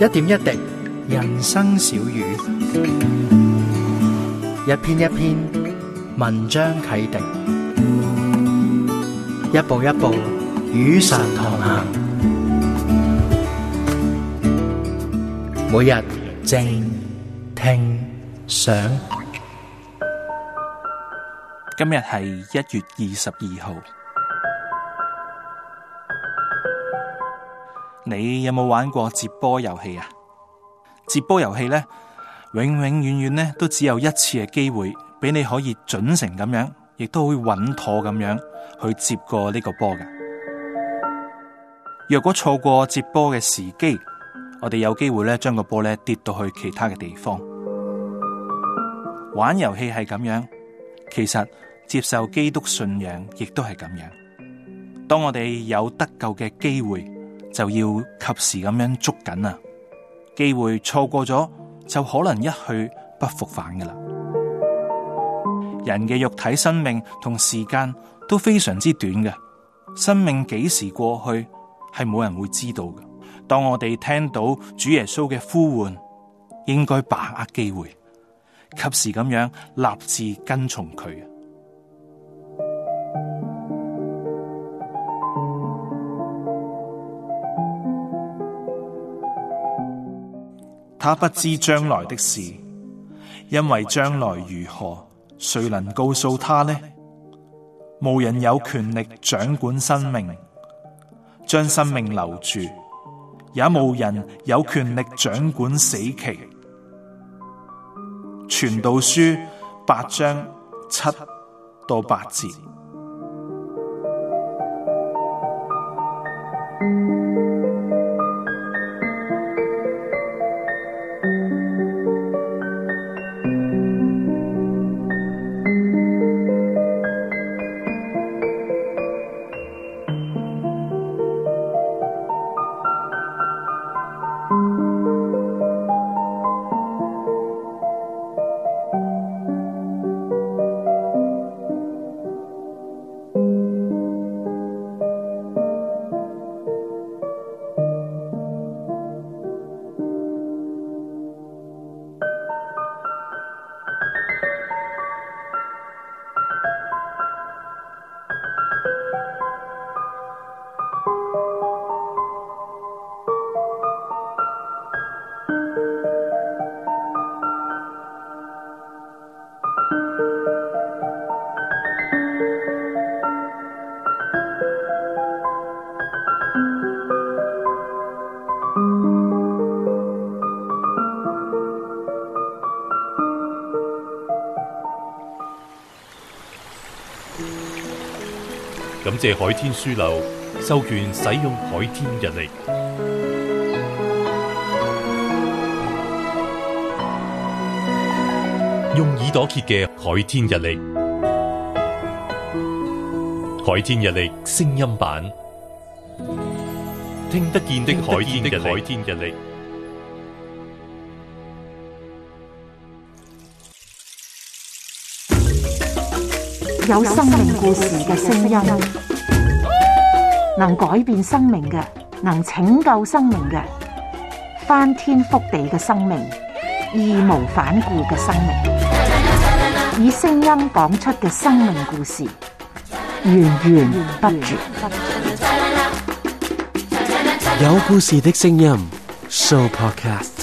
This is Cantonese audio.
一點一滴，人生小語；一篇一篇，文章啟迪；一步一步，雨傘同行。每日靜聽想，今日係一月二十二號。你有冇玩過接波遊戲啊？接波遊戲呢，永永遠遠呢都只有一次嘅機會，俾你可以準成咁樣，亦都會穩妥咁樣去接過呢個波嘅。若果錯過接波嘅時機，我哋有機會呢將個波呢跌到去其他嘅地方。玩遊戲係咁樣，其實接受基督信仰亦都係咁樣。當我哋有得救嘅機會。就要及時咁樣捉緊喇！機會錯過咗，就可能一去不復返㗎喇。人嘅肉體生命同時間都非常之短嘅，生命幾時過去係冇人會知道嘅。當我哋聽到主耶穌嘅呼喚，應該把握機會，及時咁樣立志跟從佢。他不知將來的事，因為將來如何，誰能告訴他呢？無人有權力掌管生命，將生命留住，也無人有權力掌管死期。傳道書八章七到八節。感謝海天書樓授權使用海天日曆，用耳朵揭嘅海天日曆，海天日曆聲音版，聽得見的海天嘅海天日曆。有生命故事嘅聲音，能改變生命嘅，能拯救生命嘅，翻天覆地嘅生命，義無反顧嘅生命，以聲音講出嘅生命故事，源源不絕。有故事的聲音，Sooo Podcast。